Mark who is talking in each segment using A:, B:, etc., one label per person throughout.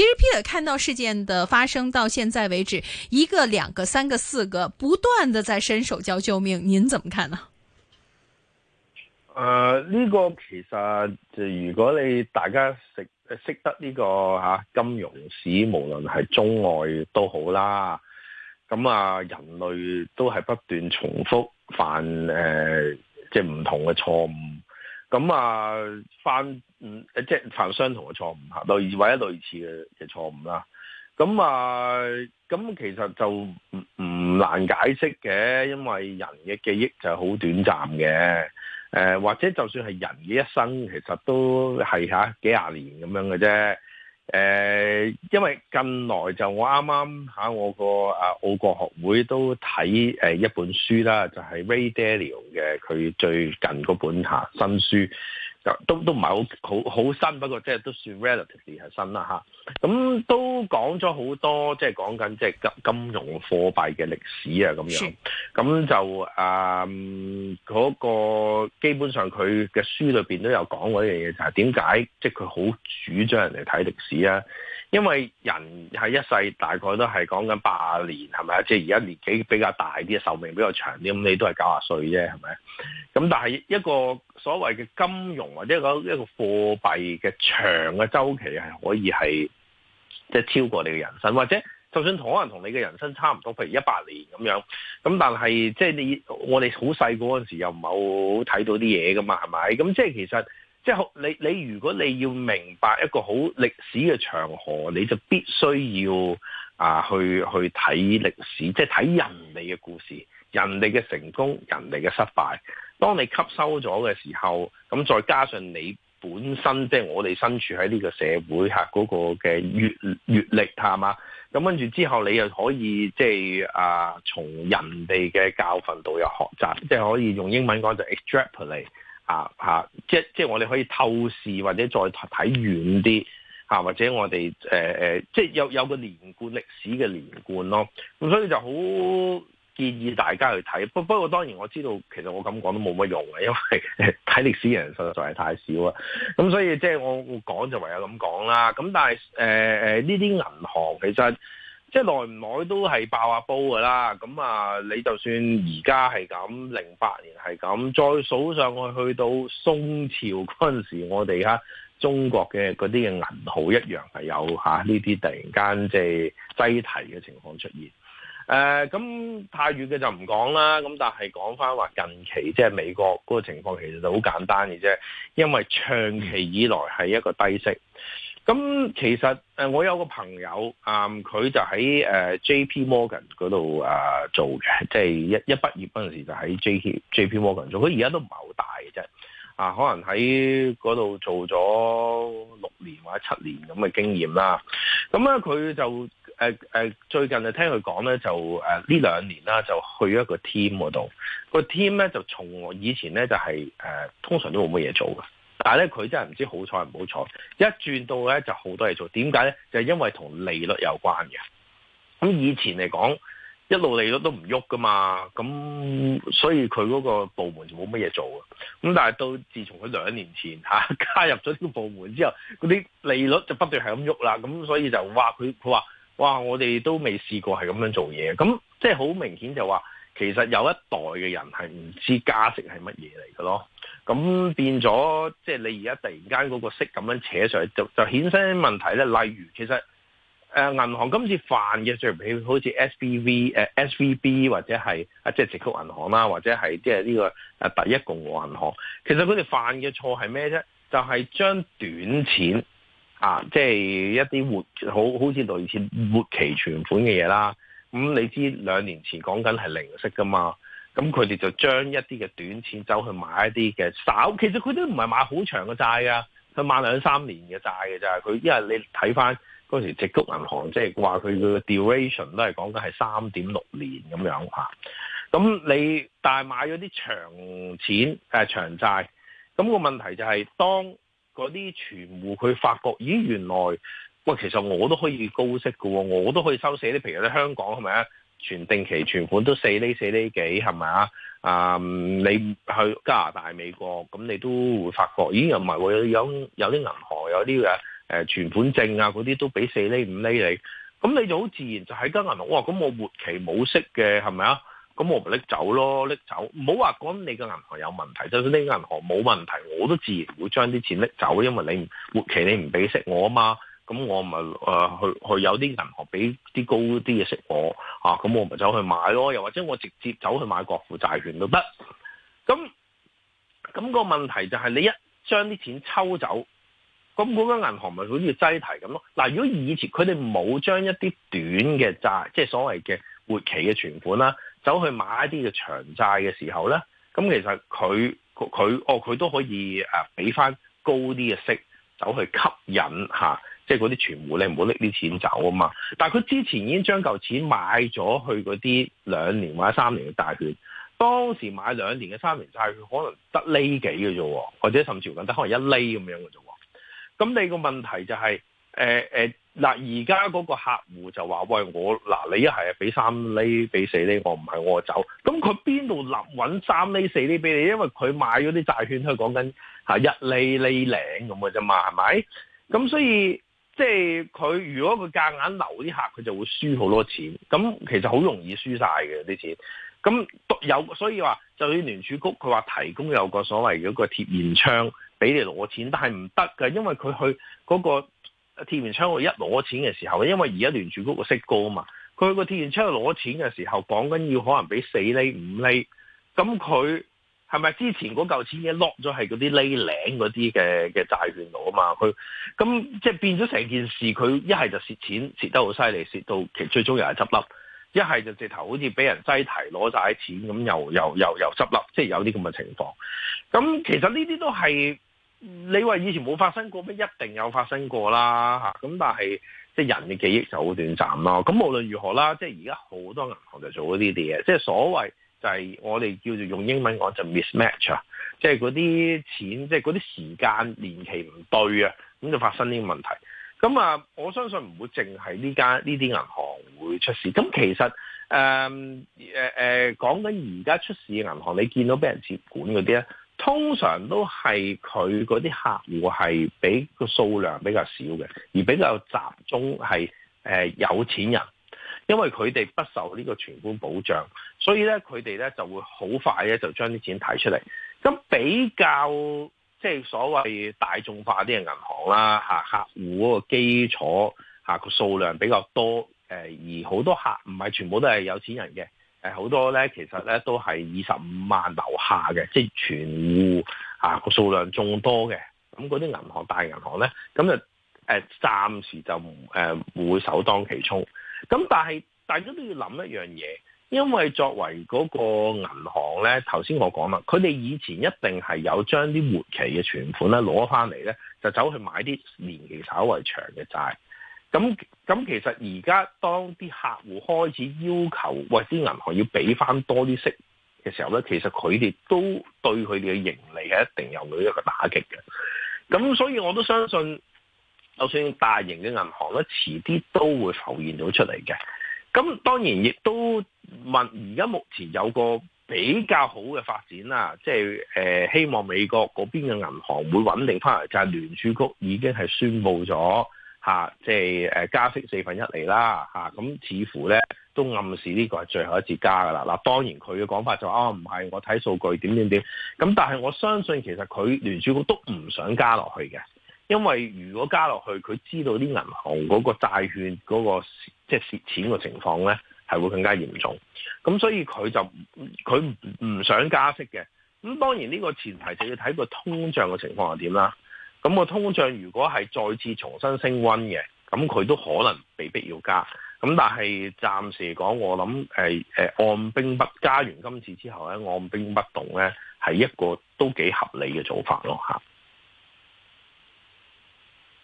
A: 其實 Peter 看到事件的發生到現在為止，一個、兩個、三個、四個，不斷的在伸手叫救命，您怎麼看呢？誒、
B: 呃，呢、這個其實就如果你大家食誒識得呢、這個吓、啊，金融史無論係中外都好啦，咁、嗯、啊人類都係不斷重複犯誒、呃、即係唔同嘅錯誤。咁啊犯嗯，即係犯相同嘅錯誤嚇，類似或者類似嘅嘅錯誤啦。咁、嗯、啊，咁、嗯嗯、其實就唔唔難解釋嘅，因為人嘅記憶就好短暫嘅、呃。或者就算係人嘅一生，其實都係嚇、啊、幾廿年咁樣嘅啫。誒，因為近來就我啱啱吓我個啊澳國學會都睇誒一本書啦，就係、是、Ray Dalio 嘅佢最近嗰本吓新書。都都唔係好好好新，不過即係都算 relatively 係新啦嚇。咁都講咗好多，即係講緊即係金金融貨幣嘅歷史啊咁樣。咁就誒嗰、嗯嗰個基本上佢嘅書裏面都有講過嗰樣嘢，就係點解即係佢好主張人哋睇歷史啊？因為人喺一世大概都係講緊八十年，係咪啊？即係而家年紀比較大啲，壽命比較長啲，咁你都係九十歲啫，係咪？咁但係一個所謂嘅金融或者一個一個貨幣嘅長嘅週期係可以係即係超過你嘅人生，或者就算同可能同你嘅人生差唔多，譬如一百年咁樣，咁但係、就是、即係你我哋好細個嗰陣時又唔係好睇到啲嘢噶嘛，係咪？咁即係其實。即係你你如果你要明白一個好歷史嘅長河，你就必須要啊去去睇歷史，即係睇人哋嘅故事、人哋嘅成功、人哋嘅失敗。當你吸收咗嘅時候，咁再加上你本身即係、就是、我哋身處喺呢個社會下嗰、那個嘅閲閲歷係嘛，咁跟住之後你又可以即係啊從人哋嘅教訓度有學習，即係、啊、可以用英文講就 extrapolate。啊啊！即即我哋可以透視或者再睇遠啲啊，或者我哋誒誒，即有有個連貫歷史嘅連貫咯。咁所以就好建議大家去睇。不不過當然我知道其實我咁講都冇乜用啊，因為睇歷史嘅人實在係太少啦。咁所以即我我講就唯有咁講啦。咁但係誒誒呢啲銀行其實。即係耐唔耐都係爆下煲㗎啦，咁啊你就算而家係咁，零八年係咁，再數上去去到宋朝嗰陣時，我哋哈中國嘅嗰啲嘅銀號一樣係有嚇呢啲突然間即係擠提嘅情況出現。誒、呃、咁太遠嘅就唔講啦，咁但係講翻話近期即係美國嗰個情況其實就好簡單嘅啫，因為長期以來係一個低息。咁其實誒，我有個朋友，誒、嗯、佢就喺誒、呃、J P Morgan 嗰度誒做嘅，即、就、係、是、一一畢業嗰陣時候就喺 J P J P Morgan 做，佢而家都唔係好大嘅啫，啊，可能喺嗰度做咗六年或者七年咁嘅經驗啦。咁啊，佢就誒誒最近就聽佢講咧，就誒、呃、呢兩年啦，就去一個 team 嗰度，個 team 咧就從我以前咧就係、是、誒、呃、通常都冇乜嘢做嘅。但係咧，佢真係唔知好彩唔好彩，一轉到咧就好多嘢做點解咧？就係、因為同利率有關嘅咁以前嚟講，一路利率都唔喐噶嘛，咁所以佢嗰個部門就冇乜嘢做嘅。咁但係到自從佢兩年前吓、啊、加入咗呢個部門之後，嗰啲利率就不斷係咁喐啦。咁所以就話佢佢話哇，我哋都未試過係咁樣做嘢。咁即係好明顯就話，其實有一代嘅人係唔知加息係乜嘢嚟嘅咯。咁變咗，即係你而家突然間嗰個息咁樣扯上去，就就衍生問題咧。例如，其實誒、啊、銀行今次犯嘅最譬好似 S B V 誒 S V, v、啊 SV、B 或者係啊，即、就、係、是、矽谷銀行啦，或者係即係呢個、啊、第一共和銀行。其實佢哋犯嘅錯係咩啫？就係、是、將短錢啊，即、就、係、是、一啲活好好似類似活期存款嘅嘢啦。咁你知兩年前講緊係零息噶嘛？咁佢哋就將一啲嘅短錢走去買一啲嘅，少其實佢都唔係買好長嘅債啊，佢買兩三年嘅債嘅係佢，因為你睇返嗰時矽谷銀行即係、就、話、是、佢個 duration 都係講緊係三點六年咁樣嚇。咁你但係買咗啲長錢誒、啊、長債，咁、那個問題就係、是、當嗰啲存戶佢發覺，咦原來喂，其實我都可以高息㗎喎，我都可以收死啲，譬如喺香港係咪啊？是存定期存款都四厘四厘幾係咪啊？啊，um, 你去加拿大、美國咁，你都會發覺，咦？又唔係喎，有有啲銀行有啲誒、呃、存款證啊，嗰啲都俾四厘五厘你，咁你就好自然就喺間銀行。哇、哦！咁我活期冇息嘅係咪啊？咁我咪拎走咯，拎走。唔好話講你個銀行有問題，就算呢間銀行冇問題，我都自然會將啲錢拎走，因為你活期你唔俾息我啊嘛。咁我咪誒、呃、去去有啲銀行俾啲高啲嘅息我啊，咁我咪走去買咯。又或者我直接走去買國庫債券都得。咁咁、那個問題就係你一將啲錢抽走，咁嗰間銀行咪好似擠提咁咯。嗱、啊，如果以前佢哋冇將一啲短嘅債，即、就、係、是、所謂嘅活期嘅存款啦、啊，走去買一啲嘅長債嘅時候咧，咁其實佢佢哦佢都可以誒俾翻高啲嘅息走去吸引嚇。即係嗰啲存戶，你唔好拎啲錢走啊嘛！但係佢之前已經將嚿錢買咗去嗰啲兩年或者三年嘅債券，當時買兩年嘅三年債券可能得呢幾嘅啫，或者甚至乎得可能一厘咁樣嘅啫。咁你個問題就係，誒誒嗱，而家嗰個客戶就話：喂，我嗱、呃，你一係俾三厘俾四厘，我唔係我走。咁佢邊度揾三厘四厘俾你？因為佢買嗰啲債券，佢講緊吓一厘厘零咁嘅啫嘛，係咪？咁所以。即係佢如果佢夾硬留啲客，佢就會輸好多錢。咁其實好容易輸晒嘅啲錢。咁有所以話，就算聯儲局佢話提供有一個所謂嗰個貼現窗俾你攞錢，但係唔得㗎，因為佢去嗰個貼現窗去一攞錢嘅時候，因為而家聯儲局個息高啊嘛，佢個貼現窗去攞錢嘅時候講緊要可能俾四厘五厘，咁佢。係咪之前嗰嚿錢嘅 lock 咗係嗰啲匿 a 嗰啲嘅嘅債券度啊嘛？佢咁即係變咗成了整件事，佢一係就蝕錢蝕得好犀利，蝕到其最終又係執笠；一係就直頭好似俾人擠提攞晒啲錢，咁又又又又執笠，即係、就是、有啲咁嘅情況。咁其實呢啲都係你話以前冇發生過，咩一定有發生過啦嚇。咁但係即係人嘅記憶就好短暫咯。咁無論如何啦，即係而家好多銀行就做咗呢啲嘢，即係所謂。就係我哋叫做用英文講就 mismatch 啦，即係嗰啲錢，即係嗰啲時間年期唔對啊，咁就發生呢個問題。咁啊，我相信唔會淨係呢間呢啲銀行會出事。咁其實誒誒誒，講緊而家出事嘅銀行，你見到俾人接管嗰啲咧，通常都係佢嗰啲客戶係比個數量比較少嘅，而比較集中係誒、嗯、有錢人。因為佢哋不受呢個存款保障，所以咧佢哋咧就會好快咧就將啲錢提出嚟。咁比較即係、就是、所謂大眾化啲嘅銀行啦，客戶嗰個基礎嗰個數量比較多，而好多客唔係全部都係有錢人嘅，好多咧其實咧都係二十五萬樓下嘅，即係全戶嗰個數量眾多嘅，咁嗰啲銀行大銀行咧，咁就誒暫時就唔會會首當其衝。咁但係大家都要諗一樣嘢，因為作為嗰個銀行咧，頭先我講啦，佢哋以前一定係有將啲活期嘅存款咧攞翻嚟咧，就走去買啲年期稍為長嘅債。咁咁其實而家當啲客戶開始要求，喂啲銀行要俾翻多啲息嘅時候咧，其實佢哋都對佢哋嘅盈利係一定有咗一個打擊嘅。咁所以我都相信。就算大型嘅銀行咧，遲啲都會浮現到出嚟嘅。咁當然亦都問，而家目前有個比較好嘅發展啦，即係誒希望美國嗰邊嘅銀行會穩定翻嚟，就係、是、聯儲局已經係宣布咗嚇，即係誒加息四分一嚟啦嚇。咁、啊、似乎咧都暗示呢個係最後一次加噶啦。嗱，當然佢嘅講法就話啊唔係，我睇數據點點點。咁但係我相信其實佢聯儲局都唔想加落去嘅。因為如果加落去，佢知道啲銀行嗰個債券嗰個即係蝕錢嘅情況咧，係會更加嚴重。咁所以佢就佢唔想加息嘅。咁當然呢個前提就要睇個通脹嘅情況係點啦。咁個通脹如果係再次重新升溫嘅，咁佢都可能被逼要加。咁但係暫時嚟講，我諗係誒按兵不加完今次之後
C: 咧，按兵不動咧係一個都幾合理嘅做法咯嚇。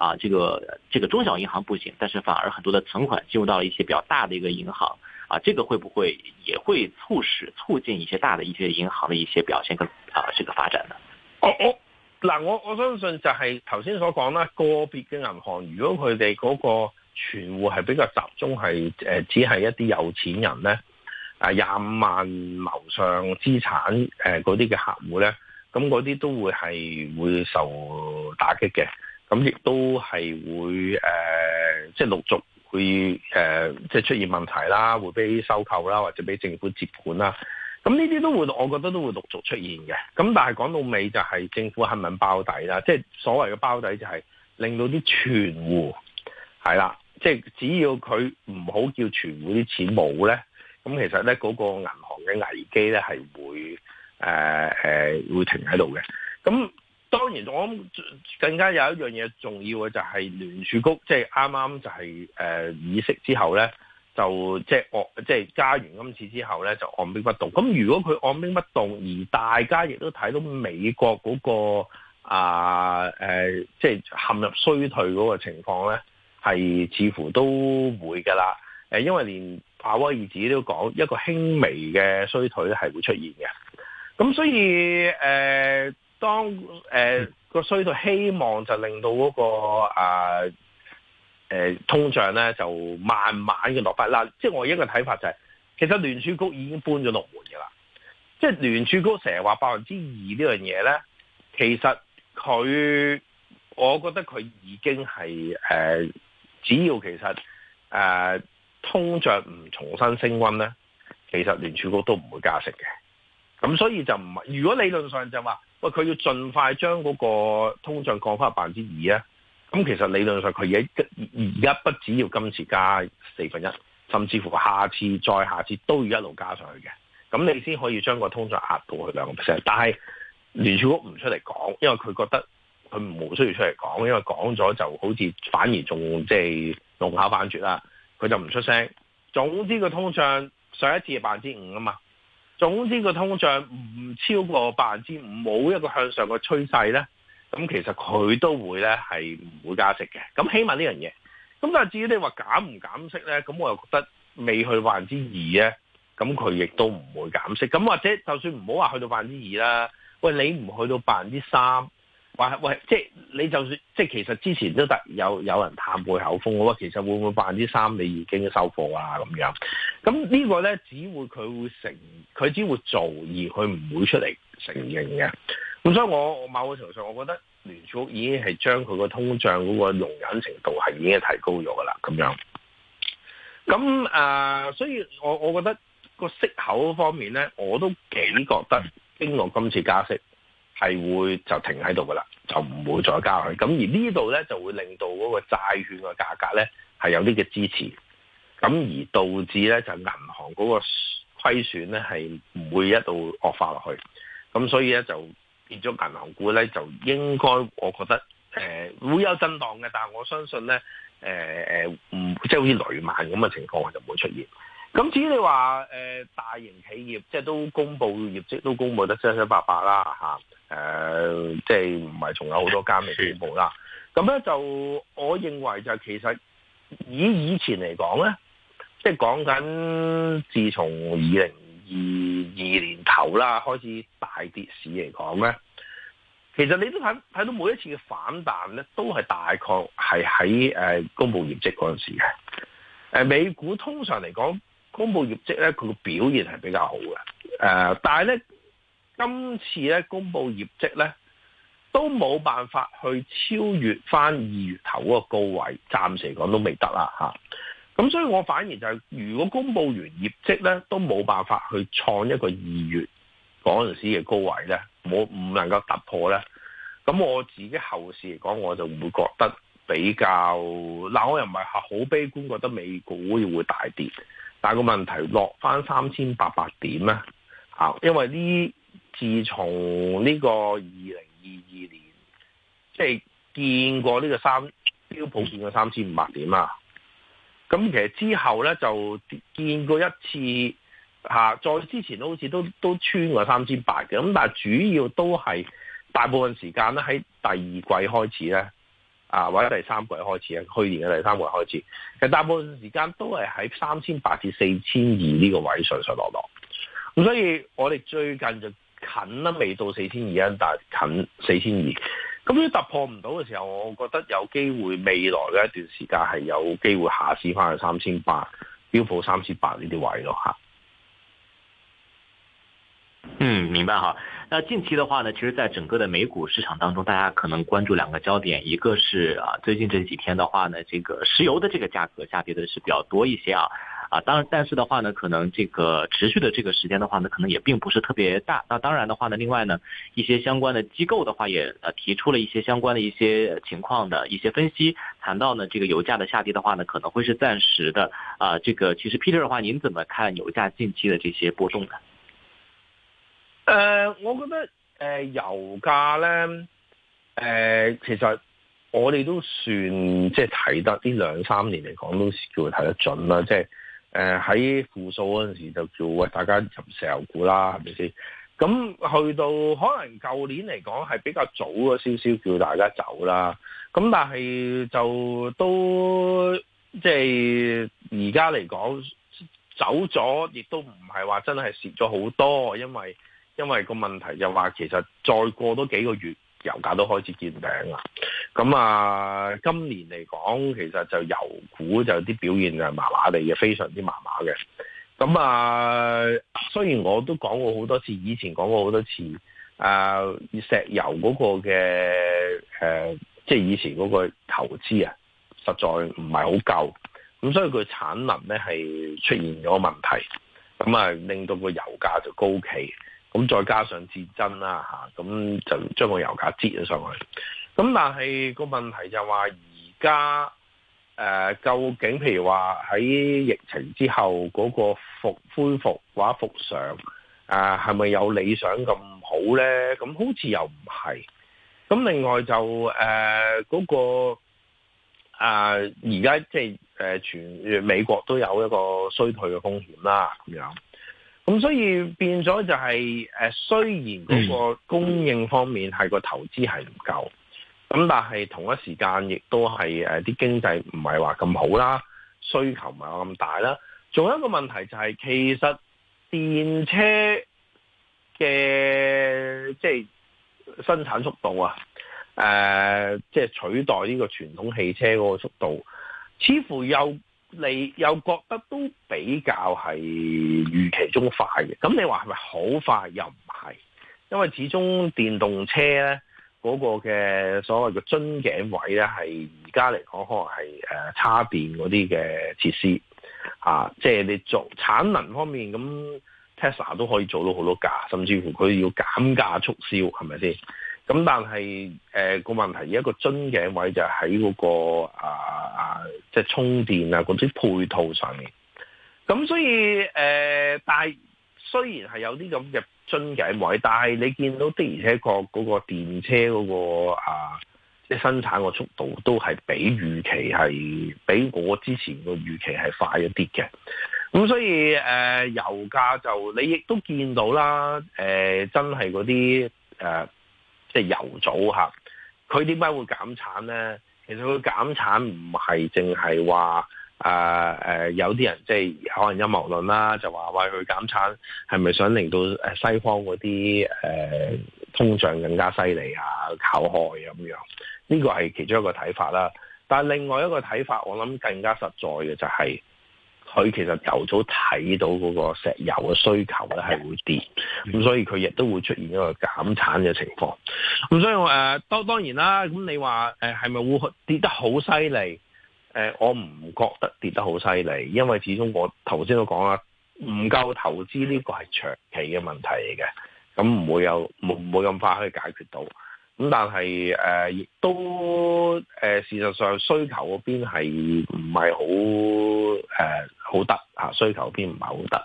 C: 啊，這個這個中小銀行不行，但是反而很多的存款進入到了一些比較大的一個銀行。啊，這個會不會也會促使促進一些大的一些銀行的一些表現跟啊這個發展呢？
B: 我我嗱，我我相信就係頭先所講啦，個別嘅銀行如果佢哋嗰個存戶係比較集中係誒只係一啲有錢人咧，啊廿五萬樓上資產誒嗰啲嘅客戶咧，咁嗰啲都會係會受打擊嘅。咁亦都係會誒，即、呃、係、就是、陸續會誒，即、呃、係、就是、出現問題啦，會俾收購啦，或者俾政府接管啦。咁呢啲都會，我覺得都會陸續出現嘅。咁但係講到尾就係政府肯唔肯包底啦？即、就、係、是、所謂嘅包底就係令到啲存戶係啦。即、就、係、是、只要佢唔好叫存戶啲錢冇咧，咁其實咧嗰個銀行嘅危機咧係會誒誒、呃呃、會停喺度嘅。咁當然，我諗更加有一樣嘢重要嘅就係聯儲局，即係啱啱就係誒議息之後咧，就即係即係加完今次之後咧，就按兵不動。咁如果佢按兵不動，而大家亦都睇到美國嗰、那個啊誒，即、呃、係、呃就是、陷入衰退嗰個情況咧，係似乎都會㗎啦。誒，因為連鮑威爾自己都講，一個輕微嘅衰退係會出現嘅。咁所以誒。呃當誒個衰退希望就令到嗰、那個啊誒、呃呃、通脹咧就慢慢嘅落翻啦，即係我一個睇法就係、是，其實聯儲局已經搬咗六門噶啦，即係聯儲局成日話百分之二呢樣嘢咧，其實佢我覺得佢已經係誒、呃，只要其實誒、呃、通脹唔重新升溫咧，其實聯儲局都唔會加息嘅，咁所以就唔係，如果理論上就話。喂，佢要盡快將嗰個通脹降翻百分之二啊！咁其實理論上佢而而家不止要今次加四分一，甚至乎下次再下次都要一路加上去嘅，咁你先可以將個通脹壓到去兩個 percent。但係聯儲局唔出嚟講，因為佢覺得佢冇需要出嚟講，因為講咗就好似反而仲即係弄巧反拙啦，佢就唔出聲。總之個通脹上一次係百分之五啊嘛。總之個通脹唔超過百分之五，冇一個向上嘅趨勢咧，咁其實佢都會咧係唔會加息嘅。咁起碼呢樣嘢。咁但係至於你話減唔減息咧，咁我又覺得未去百分之二咧，咁佢亦都唔會減息。咁或者就算唔好話去到百分之二啦，喂，你唔去到百分之三。話喂，即係你就算，即係其實之前都突然有有人探背口風的，我話其實會唔會百分之三你已經收貨啊咁樣？咁呢個咧，只會佢會承，佢只會做，而佢唔會出嚟承認嘅。咁所以我，我某個程度上，我覺得聯儲局已經係將佢個通脹嗰個容忍程度係已經提高咗噶啦，咁樣。咁誒、呃，所以我我覺得個息口方面咧，我都幾覺得經過今次加息。係會就停喺度噶啦，就唔會再加去。咁而這呢度咧就會令到嗰個債券嘅價格咧係，有啲嘅支持，咁而導致咧就銀行嗰個虧損咧係唔會一度惡化落去。咁所以咧就變咗銀行股咧就應該，我覺得誒、呃、會有震盪嘅，但係我相信咧誒誒唔即係好似雷曼咁嘅情況就唔會出現。咁至於你話誒、呃、大型企業即係都公布業績都公布得七七八八啦嚇。誒、呃，即係唔係仲有好多間嘅股報啦？咁咧就，我認為就係其實以以前嚟講咧，即係講緊自從二零二二年頭啦，開始大跌市嚟講咧，其實你都睇睇到每一次嘅反彈咧，都係大概係喺誒公佈業績嗰陣時嘅。誒，美股通常嚟講，公佈業績咧，佢嘅表現係比較好嘅。誒、呃，但係咧。今次咧公布業績咧，都冇辦法去超越翻二月頭嗰個高位，暫時嚟講都未得啦嚇。咁所以我反而就係、是，如果公布完業績咧，都冇辦法去創一個二月嗰陣時嘅高位咧，冇唔能夠突破咧。咁我自己後市嚟講，我就會覺得比較，嗱我又唔係嚇好悲觀，覺得美股會大跌，但係個問題落翻三千八百點咧，啊，因為呢？自從呢個二零二二年，即係見過呢個三標普見過三千五百點啊，咁其實之後呢，就見過一次吓，再之前好似都都穿過三千八嘅，咁但係主要都係大部分時間咧喺第二季開始呢，啊或者第三季開始啊，去年嘅第三季開始，其實大部分時間都係喺三千八至四千二呢個位上上落落，咁所以我哋最近就。近都未到四千二啊，但近四千二。咁如突破唔到嘅時候，我覺得有機會未來嘅一段時間係有機會下市翻去三千八，飆到三千八呢啲位咯吓。
C: 嗯，明白吓。那近期嘅話呢，其實，在整個的美股市場當中，大家可能關注兩個焦點，一個是啊，最近這幾天的話呢，這個石油的這個價格下跌的是比較多一些啊。啊，當然，但是的話呢，可能這個持續的這個時間的話呢，可能也並不是特別大。那當然的話呢，另外呢，一些相關的機構的話也，呃，提出了一些相關的一些情況的一些分析，談到呢，這個油價的下跌的話呢，可能會是暫時的。啊，這個其實 Peter 的話，您怎麼看油價近期的這些波動呢？呃，
B: 我覺得，呃，油價呢，呃，其實我哋都算即係睇得呢兩三年嚟講，都是叫睇得準啦，即係。誒，喺負數嗰陣時就叫喂大家入石油股啦，係咪先？咁去到可能舊年嚟講係比較早少少叫大家走啦。咁但係就都即係而家嚟講走咗，亦都唔係話真係蝕咗好多，因為因為個問題就話其實再過多幾個月，油價都開始見頂啦。咁啊，今年嚟講，其實就油股就啲表現就係麻麻地嘅，非常之麻麻嘅。咁啊，雖然我都講過好多次，以前講過好多次、啊、石油嗰個嘅即係以前嗰個投資啊，實在唔係好夠。咁所以佢產能咧係出現咗問題，咁啊令到個油價就高企。咁再加上戰爭啦咁、啊、就將個油價擠咗上去。咁但係個問題就話而家誒，究竟譬如話喺疫情之後嗰、那個復恢復或者復上啊，係、呃、咪有理想咁好咧？咁好似又唔係。咁另外就誒，嗰、呃，那個啊，而家即係誒，全美國都有一個衰退嘅風險啦。咁樣，咁所以變咗就係、是、誒，雖然嗰個供應方面係個投資係唔夠。咁但係同一時間，亦都係呃、啲經濟唔係話咁好啦，需求唔係話咁大啦。仲有一個問題就係、是，其實電車嘅即係生產速度啊、呃，即係取代呢個傳統汽車嗰個速度，似乎又你又覺得都比較係預期中快嘅。咁你話係咪好快？又唔係，因為始終電動車咧。嗰個嘅所謂嘅樽頸位咧，係而家嚟講可能係誒、呃、插電嗰啲嘅設施啊，即、就、係、是、你做產能方面，咁 Tesla 都可以做到好多價，甚至乎佢要減價促銷，係咪先？咁但係個個問題，一個樽頸位就喺嗰、那個啊、呃、啊，即係充電啊嗰啲配套上面。咁所以誒、呃，但係雖然係有啲咁嘅。樽頸位，但係你見到的而且確嗰個電車嗰個啊，即係、就是、生產個速度都係比預期係比我之前個預期係快一啲嘅。咁所以、呃、油價就你亦都見到啦。呃、真係嗰啲即係油組嚇，佢點解會減產咧？其實佢減產唔係淨係話。啊，誒、呃呃、有啲人即係可能陰謀論啦，就話為佢減產，係咪想令到西方嗰啲誒通脹更加犀利啊，靠害咁樣？呢個係其中一個睇法啦。但另外一個睇法，我諗更加實在嘅就係、是，佢其實由早睇到嗰個石油嘅需求咧係會跌，咁、嗯嗯、所以佢亦都會出現一個減產嘅情況。咁所以我當、呃、當然啦，咁你話係咪會跌得好犀利？誒、呃，我唔覺得跌得好犀利，因為始終我頭先都講啦，唔夠投資呢個係長期嘅問題嚟嘅，咁唔會有冇冇咁快可以解決到。咁但係誒，亦、呃、都誒、呃，事實上需求嗰邊係唔係好誒好得、啊、需求邊唔係好得。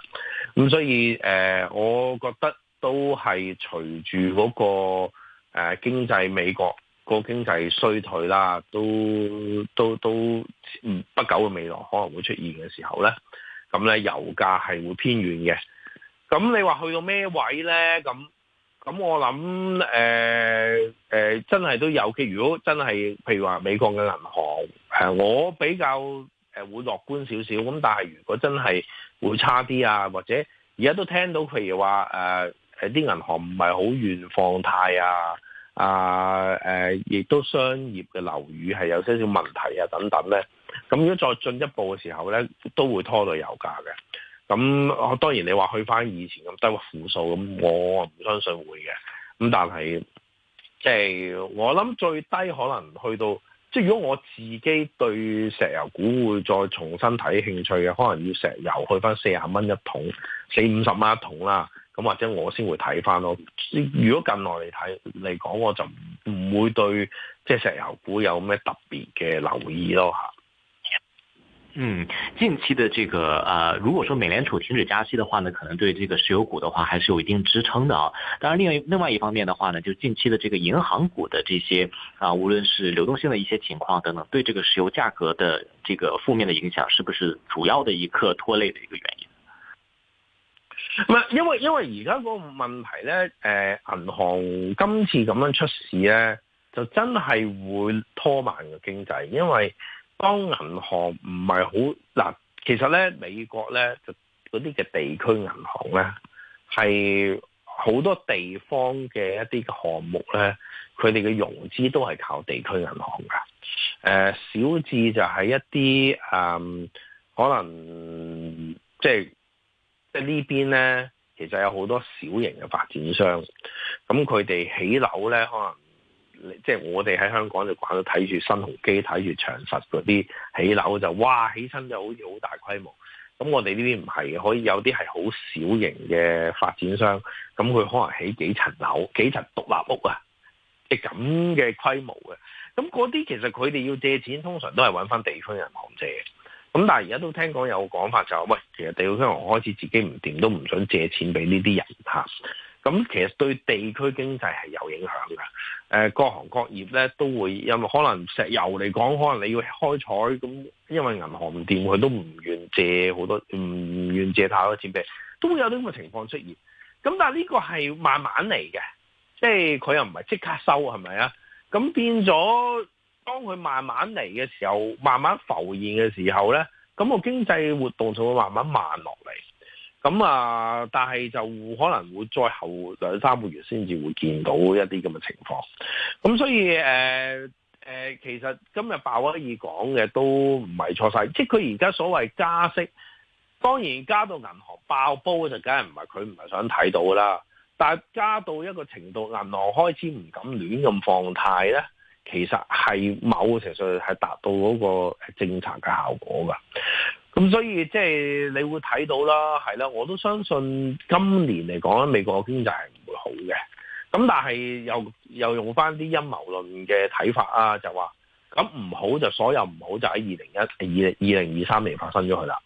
B: 咁所以誒、呃，我覺得都係隨住嗰個誒、呃、經濟美國。個經濟衰退啦，都都都唔不久嘅未來可能會出現嘅時候咧，咁咧油價係會偏軟嘅。咁你話去到咩位咧？咁咁我諗誒、呃呃、真係都有嘅。如果真係譬如話美國嘅銀行，我比較誒會樂觀少少。咁但係如果真係會差啲啊，或者而家都聽到譬如話啲、呃、銀行唔係好願放貸啊。啊，誒、啊，亦都商業嘅樓宇係有些少問題啊，等等咧。咁如果再進一步嘅時候咧，都會拖累油價嘅。咁當然你話去翻以前咁低負數咁，我唔相信會嘅。咁但係，即係我諗最低可能去到，即係如果我自己對石油股會再重新睇興趣嘅，可能要石油去翻四十蚊一桶，四五十蚊一桶啦。咁或者我先會睇翻咯。如果咁耐嚟睇嚟講，我就唔會對即係石油股有咩特別嘅留意
C: 咯嚇。嗯，近期的這個啊、呃，如果說美聯儲停止加息嘅話呢，可能對這個石油股的話，還是有一定支撐的啊。當然，另外另外一方面的話呢，就近期的這個銀行股的這些啊，無論是流動性的一些情況等等，對這個石油價格的這個負面的影響，是不是主要的一刻拖累的一個原因？唔係，因
B: 為因為而家個問題咧，誒、呃，銀行今次咁樣出事咧，就真係會拖慢個經濟。因為當銀行唔係好嗱，其實咧美國咧就嗰啲嘅地區銀行咧，係好多地方嘅一啲嘅項目咧，佢哋嘅融資都係靠地區銀行噶。誒、呃，小至就係一啲誒、嗯，可能即係。就是即係呢邊咧，其實有好多小型嘅發展商，咁佢哋起樓咧，可能即係我哋喺香港就慣咗睇住新鴻基、睇住長實嗰啲起樓，就哇起親就好似好大規模。咁我哋呢邊唔係，可以有啲係好小型嘅發展商，咁佢可能起幾層樓、幾層獨立屋啊，即係咁嘅規模嘅。咁嗰啲其實佢哋要借錢，通常都係揾翻地方銀行借。咁但係而家都聽講有個講法就係，喂，其實地區銀行開始自己唔掂，都唔想借錢俾呢啲人嚇。咁其實對地區經濟係有影響㗎。誒，各行各業咧都會，因為可能石油嚟講，可能你要開採，咁因為銀行唔掂，佢都唔願借好多，唔願借太多錢俾，都會有啲咁嘅情況出現。咁但係呢個係慢慢嚟嘅，即係佢又唔係即刻收，係咪啊？咁變咗。當佢慢慢嚟嘅時候，慢慢浮現嘅時候呢，咁、那個經濟活動就會慢慢慢落嚟。咁啊，但係就可能會再後兩三個月先至會見到一啲咁嘅情況。咁所以誒誒、呃呃，其實今日鮑威爾講嘅都唔係錯晒。即係佢而家所謂加息，當然加到銀行爆煲就梗係唔係佢唔係想睇到啦。但係加到一個程度，銀行開始唔敢亂咁放貸呢。其實係某程度係達到嗰個政策嘅效果噶，咁所以即係你會睇到啦，係啦，我都相信今年嚟講咧，美國嘅經濟係唔會好嘅。咁但係又又用翻啲陰謀論嘅睇法啊，就話咁唔好就所有唔好就喺二零一二二零二三年發生咗去啦，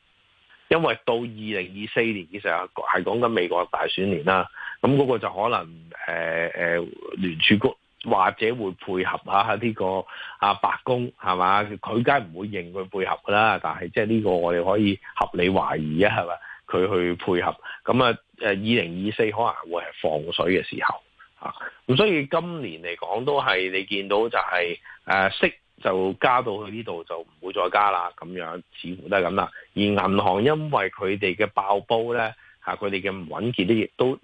B: 因為到二零二四年其實係講緊美國大選年啦，咁嗰個就可能誒誒聯儲局。呃呃或者會配合下呢個啊，白宮係嘛？佢梗係唔會認佢配合㗎啦。但係即係呢個，我哋可以合理懷疑啊，係咪？佢去配合咁啊？誒，二零二四可能會係放水嘅時候啊。咁所以今年嚟講，都係你見到就係誒息就加到去呢度，就唔會再加啦。咁樣似乎都係咁啦。而銀行因為佢哋嘅爆煲咧，嚇佢哋嘅唔穩健都亦都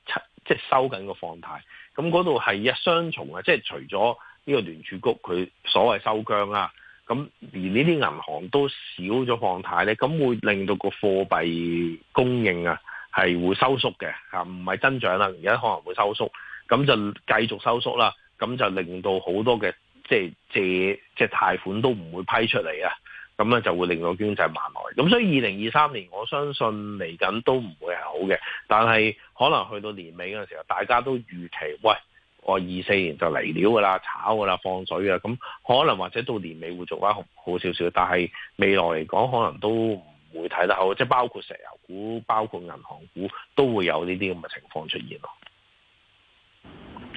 B: 即係收緊個放貸。咁嗰度係一雙重啊！即係除咗呢個聯儲局佢所謂收緊啊，咁而呢啲銀行都少咗放貸咧，咁會令到個貨幣供應啊係會收縮嘅嚇，唔係增長啦，而家可能會收縮，咁就繼續收縮啦，咁就令到好多嘅即係借即係貸款都唔會批出嚟啊，咁咧就會令到經濟慢落嚟。咁所以二零二三年我相信嚟緊都唔會。好嘅，但係可能去到年尾嗰時候，大家都預期，喂，我二四年就嚟料噶啦，炒噶啦，放水啊，咁可能或者到年尾會做翻好少少，但係未來嚟講，可能都唔會睇得好，即係包括石油股、包括銀行
C: 股，都會有呢啲咁嘅情況出現咯。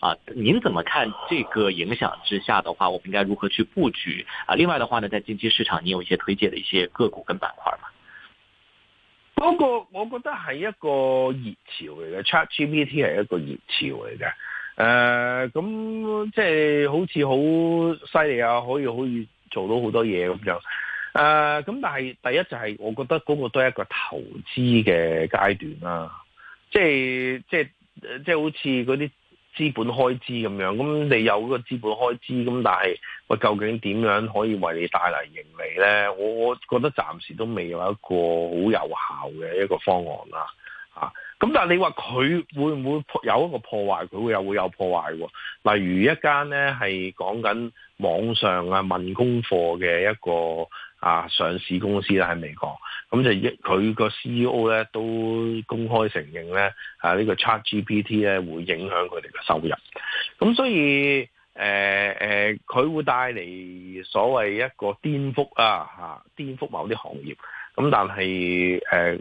C: 啊，您怎麼看這個影響之下的話，我們應該如何去佈局？啊，另外的話呢，在近期市場，你有一些推介的一些個股跟板塊嗎？
B: 嗰個我覺得係一個熱潮嚟嘅，Chat GPT 係一個熱潮嚟嘅。誒，咁即係好似好犀利啊，可以可以做到好多嘢咁樣。誒，咁但係第一就係，我覺得嗰個都係一個投資嘅階段啦。即係即係即係好似嗰啲。資本開支咁樣，咁你有個資本開支，咁但係喂，究竟點樣可以為你帶嚟盈利咧？我覺得暫時都未有一個好有效嘅一個方案啦，啊！咁但係你話佢會唔會有一個破壞？佢會又會有破壞喎。例如一間咧係講緊網上啊問功課嘅一個，啊！上市公司咧喺美國，咁就佢個 CEO 咧都公開承認咧，啊、這個、呢個 ChatGPT 咧會影響佢哋嘅收入。咁所以，誒、呃、誒，佢、呃、會帶嚟所謂一個顛覆啊，嚇顛覆某啲行業。咁但係誒、呃，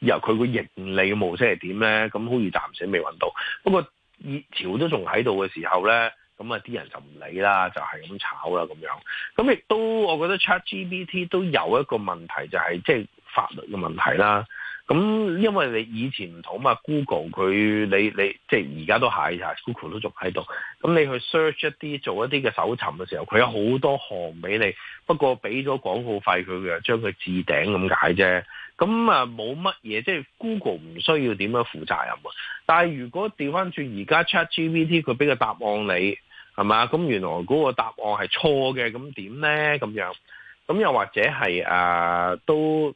B: 由佢個盈利模式係點咧？咁好似暫時未揾到。不過熱潮都仲喺度嘅時候咧。咁啊，啲人就唔理啦，就係咁炒啦，咁樣。咁亦都，我覺得 ChatGPT 都有一個問題，就係即係法律嘅問題啦。咁因為你以前唔同啊，Google 佢你你即係而家都係啊，Google 都仲喺度。咁你去 search 一啲做一啲嘅搜尋嘅時候，佢有好多項俾你，不過俾咗廣告費佢，嘅，將將佢置頂咁解啫。咁啊，冇乜嘢，即係 Google 唔需要點樣負責任。但係如果調翻轉而家 ChatGPT，佢俾個答案你。係嘛？咁原來嗰個答案係錯嘅，咁點咧？咁樣，咁又或者係啊、呃，都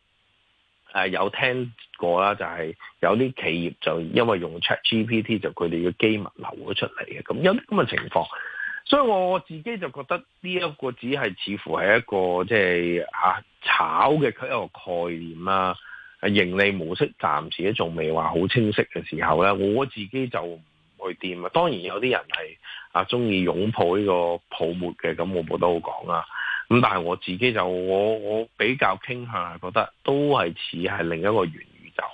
B: 係、呃、有聽過啦，就係、是、有啲企業就因為用 ChatGPT，就佢哋嘅機密流咗出嚟嘅，咁有啲咁嘅情況。所以我自己就覺得呢一個只係似乎係一個即係啊炒嘅佢一個概念啦。盈利模式暫時都仲未話好清晰嘅時候咧，我自己就唔會掂啊。當然有啲人係。啊，中意擁抱呢個泡沫嘅，咁我冇得好講啦。咁但係我自己就我我比較傾向係覺得，都係似係另一個元宇宙。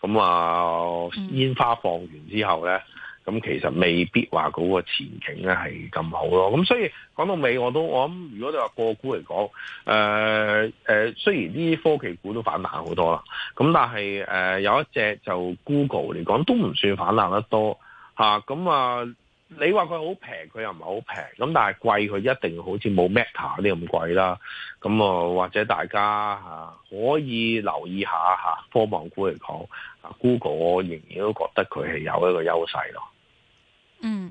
B: 咁啊，嗯、煙花放完之後咧，咁其實未必話嗰個前景咧係咁好咯。咁所以講到尾，我都我諗，如果你話個股嚟講，誒、呃、誒、呃，雖然呢啲科技股都反彈好多啦，咁但係誒、呃、有一隻就 Google 嚟講都唔算反彈得多吓。咁啊～你話佢好平，佢又唔係好平，咁但係貴佢一定好似冇 Meta 啲咁貴啦。咁啊，或者大家嚇可以留意一下嚇科網股嚟講，Google 我仍然都覺得佢係有一個優勢咯。